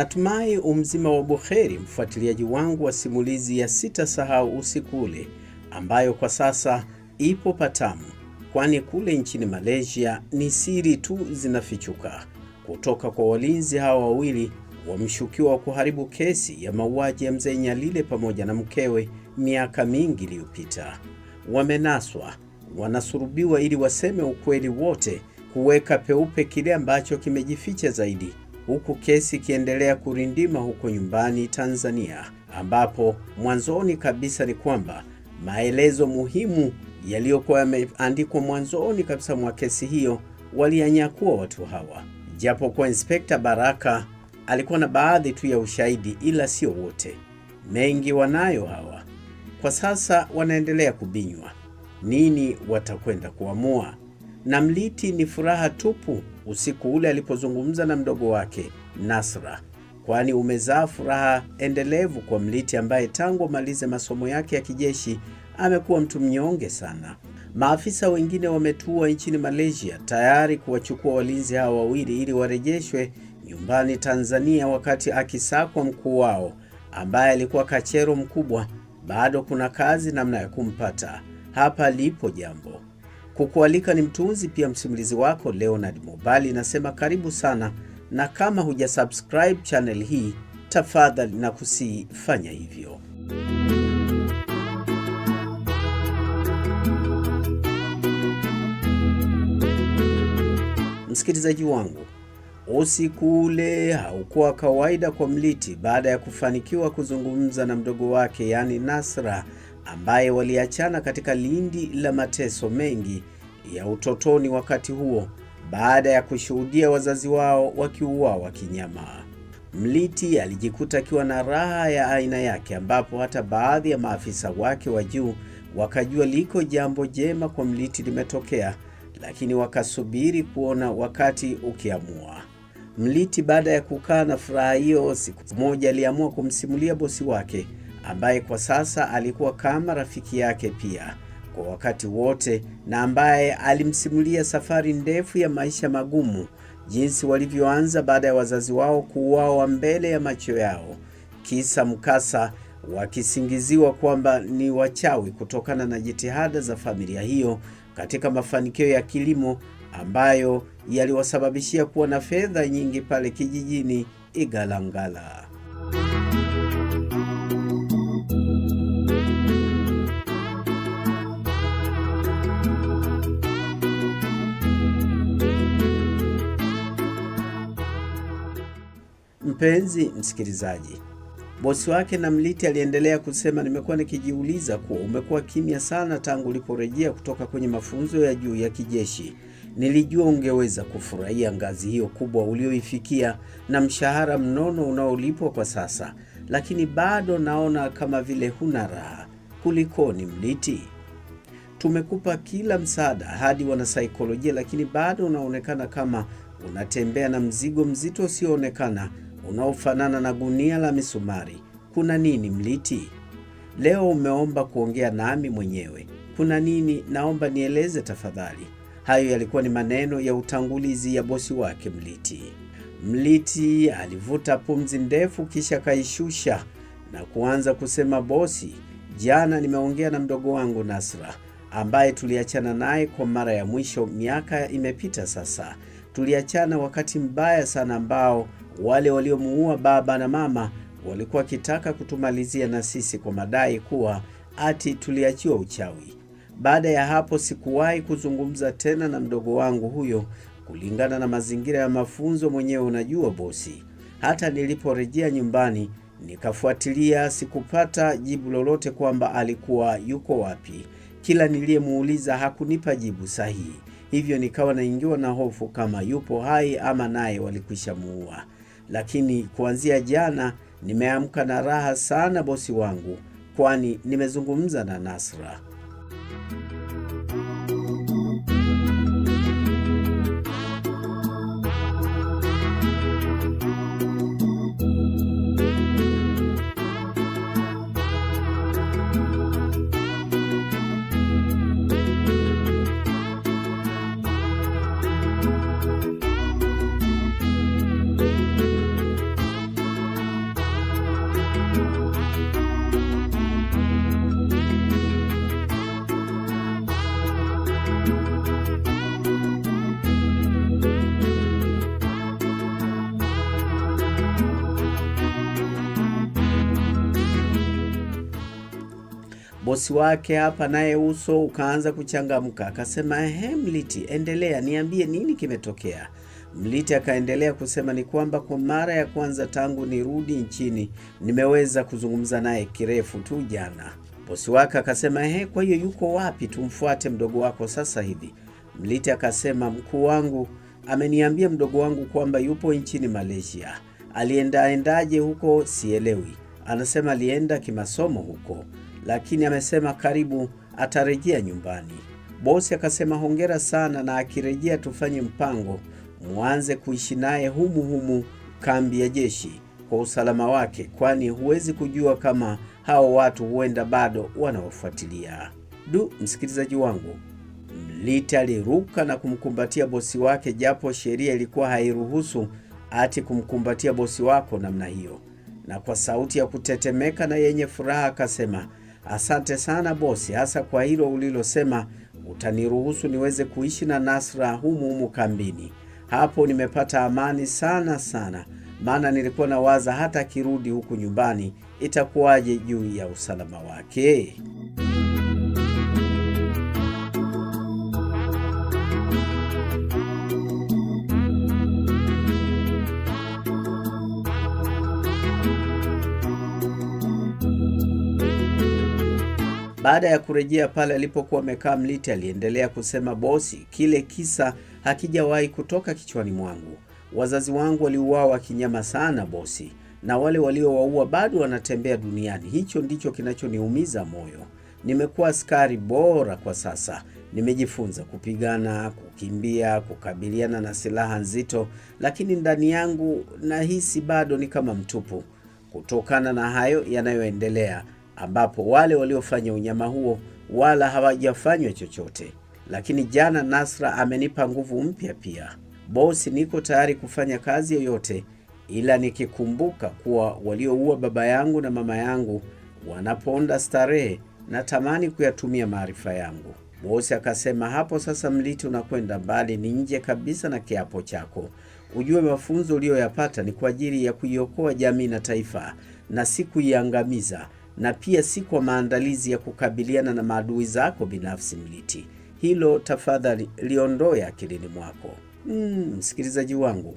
Natumai umzima wa buheri, mfuatiliaji wangu wa simulizi ya Sitasahau Usiku Ule, ambayo kwa sasa ipo Patamu, kwani kule nchini Malaysia ni siri tu zinafichuka kutoka kwa walinzi hawa wawili wamshukiwa wa kuharibu kesi ya mauaji ya mzee Nyalile pamoja na mkewe miaka mingi iliyopita. Wamenaswa, wanasurubiwa ili waseme ukweli wote, kuweka peupe kile ambacho kimejificha zaidi huku kesi ikiendelea kurindima huko nyumbani Tanzania, ambapo mwanzoni kabisa ni kwamba maelezo muhimu yaliyokuwa yameandikwa mwanzoni kabisa mwa kesi hiyo walianyakua watu hawa, japo kwa Inspekta Baraka alikuwa na baadhi tu ya ushahidi, ila sio wote. Mengi wanayo hawa kwa sasa, wanaendelea kubinywa. Nini watakwenda kuamua? na Mliti ni furaha tupu usiku ule alipozungumza na mdogo wake Nasra, kwani umezaa furaha endelevu kwa Mliti ambaye tangu amalize masomo yake ya kijeshi amekuwa mtu mnyonge sana. Maafisa wengine wametua nchini Malaysia tayari kuwachukua walinzi hao wawili ili warejeshwe nyumbani Tanzania, wakati akisakwa mkuu wao ambaye alikuwa kachero mkubwa. Bado kuna kazi namna ya kumpata. Hapa lipo jambo. Kukualika ni mtunzi pia msimulizi wako Leonard Mobali, nasema karibu sana, na kama hujasubscribe channel hii, tafadhali na kusifanya hivyo. Msikilizaji wangu, usiku ule haukuwa kawaida kwa Mliti baada ya kufanikiwa kuzungumza na mdogo wake, yaani Nasra ambaye waliachana katika lindi la mateso mengi ya utotoni wakati huo baada ya kushuhudia wazazi wao wakiuawa kinyama. Mliti alijikuta akiwa na raha ya aina yake ambapo hata baadhi ya maafisa wake wa juu wakajua liko jambo jema kwa Mliti limetokea, lakini wakasubiri kuona wakati ukiamua. Mliti baada ya kukaa na furaha hiyo, siku moja aliamua kumsimulia bosi wake ambaye kwa sasa alikuwa kama rafiki yake pia kwa wakati wote na ambaye alimsimulia safari ndefu ya maisha magumu, jinsi walivyoanza baada ya wazazi wao kuuawa mbele ya macho yao, kisa mkasa wakisingiziwa kwamba ni wachawi kutokana na jitihada za familia hiyo katika mafanikio ya kilimo ambayo yaliwasababishia kuwa na fedha nyingi pale kijijini Igalangala. Mpenzi msikilizaji, bosi wake na mliti aliendelea kusema, nimekuwa nikijiuliza kuwa umekuwa kimya sana tangu uliporejea kutoka kwenye mafunzo ya juu ya kijeshi. Nilijua ungeweza kufurahia ngazi hiyo kubwa ulioifikia na mshahara mnono unaolipwa kwa sasa, lakini bado naona kama vile huna raha. Kulikoni Mliti? Tumekupa kila msaada hadi wanasaikolojia, lakini bado unaonekana kama unatembea na mzigo mzito usioonekana unaofanana na gunia la misumari. Kuna nini mliti? Leo umeomba kuongea nami mwenyewe. Kuna nini? Naomba nieleze tafadhali. Hayo yalikuwa ni maneno ya utangulizi ya bosi wake Mliti. Mliti alivuta pumzi ndefu, kisha kaishusha na kuanza kusema, bosi, jana nimeongea na mdogo wangu Nasra ambaye tuliachana naye kwa mara ya mwisho. Miaka imepita sasa. Tuliachana wakati mbaya sana ambao wale waliomuua baba na mama walikuwa wakitaka kutumalizia na sisi kwa madai kuwa ati tuliachiwa uchawi. Baada ya hapo sikuwahi kuzungumza tena na mdogo wangu huyo kulingana na mazingira ya mafunzo. Mwenyewe unajua bosi, hata niliporejea nyumbani nikafuatilia, sikupata jibu lolote kwamba alikuwa yuko wapi. Kila niliyemuuliza hakunipa jibu sahihi, hivyo nikawa naingiwa na hofu kama yupo hai ama naye walikwisha muua lakini kuanzia jana nimeamka na raha sana bosi wangu, kwani nimezungumza na Nasra. bosi wake hapa naye uso ukaanza kuchangamka. Akasema, ehe, Mliti, endelea, niambie nini kimetokea? Mliti akaendelea kusema ni kwamba kwa mara ya kwanza tangu nirudi nchini nimeweza kuzungumza naye kirefu tu jana. Bosi wake akasema, ehe, kwa hiyo yuko wapi? Tumfuate mdogo wako sasa hivi. Mliti akasema, mkuu wangu ameniambia mdogo wangu kwamba yupo nchini Malaysia. Aliendaendaje huko sielewi, anasema alienda kimasomo huko lakini amesema karibu atarejea nyumbani. Bosi akasema hongera sana, na akirejea tufanye mpango, mwanze kuishi naye humu humu kambi ya jeshi kwa usalama wake, kwani huwezi kujua kama hao watu huenda bado wanawafuatilia. Du, msikilizaji wangu, Mlita aliruka na kumkumbatia bosi wake, japo sheria ilikuwa hairuhusu ati kumkumbatia bosi wako namna hiyo, na kwa sauti ya kutetemeka na yenye furaha akasema Asante sana bosi, hasa kwa hilo ulilosema, utaniruhusu niweze kuishi na Nasra humu humu kambini. Hapo nimepata amani sana sana, maana nilikuwa nawaza hata akirudi huku nyumbani itakuwaje juu ya usalama wake. Baada ya kurejea pale alipokuwa amekaa Mliti, aliendelea kusema, bosi, kile kisa hakijawahi kutoka kichwani mwangu. Wazazi wangu waliuawa kinyama sana bosi, na wale waliowaua bado wanatembea duniani. Hicho ndicho kinachoniumiza moyo. Nimekuwa askari bora kwa sasa, nimejifunza kupigana, kukimbia, kukabiliana na silaha nzito, lakini ndani yangu nahisi bado ni kama mtupu. Kutokana na hayo yanayoendelea ambapo wale waliofanya unyama huo wala hawajafanywa chochote. Lakini jana Nasra amenipa nguvu mpya pia. Bosi, niko tayari kufanya kazi yoyote, ila nikikumbuka kuwa walioua baba yangu na mama yangu wanaponda starehe, natamani kuyatumia maarifa yangu. Bosi akasema, hapo sasa Mliti unakwenda mbali, ni nje kabisa na kiapo chako. Ujue mafunzo uliyoyapata ni kwa ajili ya kuiokoa jamii na taifa na si kuiangamiza na pia si kwa maandalizi ya kukabiliana na maadui zako binafsi mliti. Hilo tafadhali liondoe akilini mwako. Mm, msikilizaji wangu,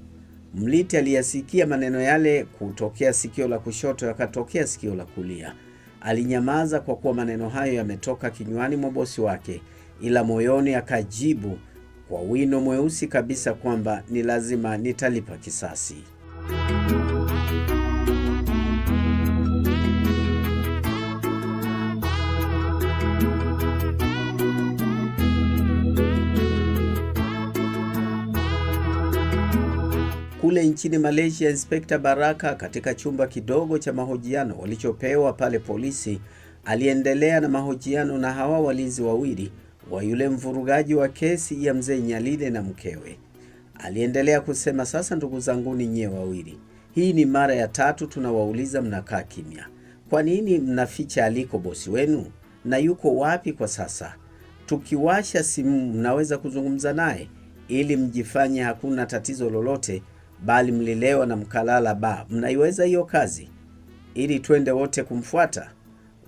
mliti aliyasikia maneno yale kutokea sikio la kushoto yakatokea sikio la kulia. Alinyamaza kwa kuwa maneno hayo yametoka kinywani mwa bosi wake, ila moyoni akajibu kwa wino mweusi kabisa kwamba ni lazima nitalipa kisasi. kule nchini Malaysia, Inspekta Baraka katika chumba kidogo cha mahojiano walichopewa pale polisi, aliendelea na mahojiano na hawa walinzi wawili wa yule mvurugaji wa kesi ya mzee Nyalile na mkewe. Aliendelea kusema, sasa ndugu zanguni nyie wawili, hii ni mara ya tatu tunawauliza, mnakaa kimya. Kwa nini mnaficha aliko bosi wenu na yuko wapi kwa sasa? Tukiwasha simu mnaweza kuzungumza naye ili mjifanye hakuna tatizo lolote bali mlilewa na mkalala ba. Mnaiweza hiyo kazi? Ili twende wote kumfuata.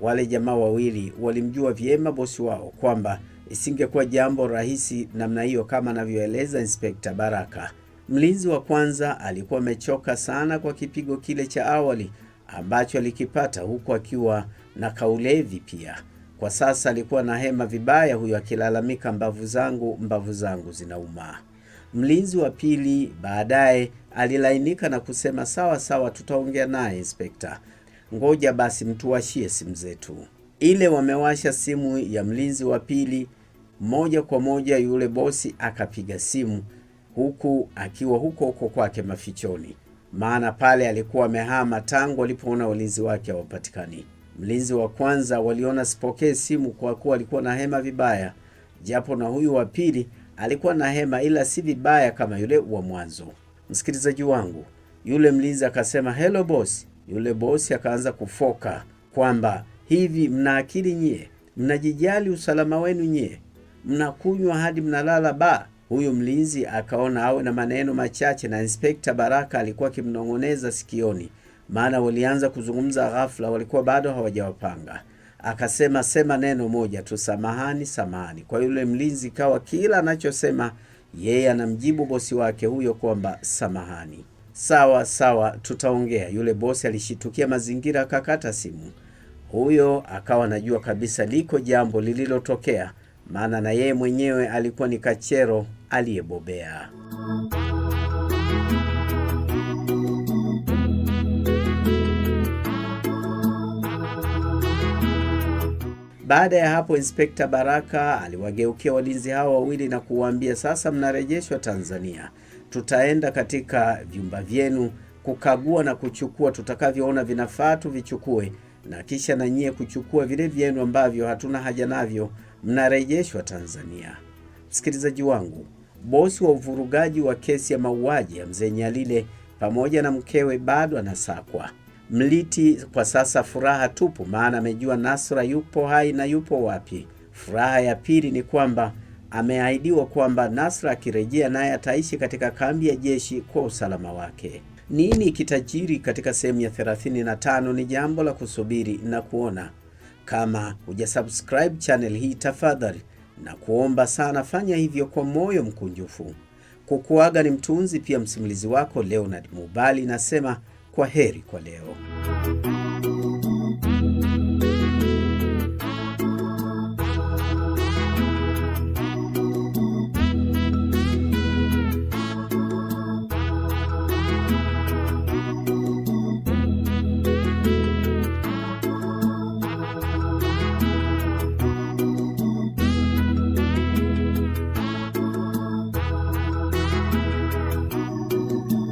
Wale jamaa wawili walimjua vyema bosi wao kwamba isingekuwa jambo rahisi namna hiyo, kama anavyoeleza Inspekta Baraka. Mlinzi wa kwanza alikuwa amechoka sana kwa kipigo kile cha awali ambacho alikipata, huku akiwa na kaulevi pia. Kwa sasa alikuwa na hema vibaya, huyo akilalamika, mbavu zangu, mbavu zangu zinauma. Mlinzi wa pili baadaye alilainika na kusema sawa sawa, tutaongea naye inspekta, ngoja basi mtuwashie simu zetu. Ile wamewasha simu ya mlinzi wa pili, moja kwa moja yule bosi akapiga simu, huku akiwa huko huko kwake mafichoni, maana pale alikuwa amehama tangu alipoona walinzi wake hawapatikani. Mlinzi wa kwanza waliona sipokee simu kwa kuwa alikuwa na hema vibaya, japo na huyu wa pili alikuwa na hema ila si vibaya kama yule wa mwanzo msikilizaji wangu, yule mlinzi akasema hello boss. Yule bosi akaanza kufoka kwamba hivi mna akili nyie? Mnajijali usalama wenu nyie? Mnakunywa hadi mnalala ba. Huyu mlinzi akaona awe na maneno machache, na Inspekta Baraka alikuwa akimnong'oneza sikioni, maana walianza kuzungumza ghafla, walikuwa bado hawajawapanga. Akasema sema neno moja tu, samahani, samahani. Kwa yule mlinzi kawa kila anachosema yeye anamjibu bosi wake huyo kwamba samahani, sawa sawa, tutaongea. Yule bosi alishitukia mazingira akakata simu. Huyo akawa anajua kabisa liko jambo lililotokea, maana na yeye mwenyewe alikuwa ni kachero aliyebobea. Baada ya hapo, Inspekta Baraka aliwageukia walinzi hao wawili na kuwaambia, sasa mnarejeshwa Tanzania, tutaenda katika vyumba vyenu kukagua na kuchukua tutakavyoona vinafaa tuvichukue, na kisha na nyie kuchukua vile vyenu ambavyo hatuna haja navyo, mnarejeshwa Tanzania. Msikilizaji wangu, bosi wa uvurugaji wa kesi ya mauaji ya mzee Nyalile pamoja na mkewe bado anasakwa. Mliti kwa sasa furaha tupu, maana amejua Nasra yupo hai na yupo wapi. Furaha ya pili ni kwamba ameahidiwa kwamba Nasra akirejea naye ataishi katika kambi ya jeshi kwa usalama wake. Nini kitajiri katika sehemu ya 35 ni jambo la kusubiri na kuona. Kama hujasubscribe channel hii, tafadhali na kuomba sana, fanya hivyo kwa moyo mkunjufu. Kukuaga ni mtunzi pia msimulizi wako Leonard Mubali, nasema kwa heri kwa leo.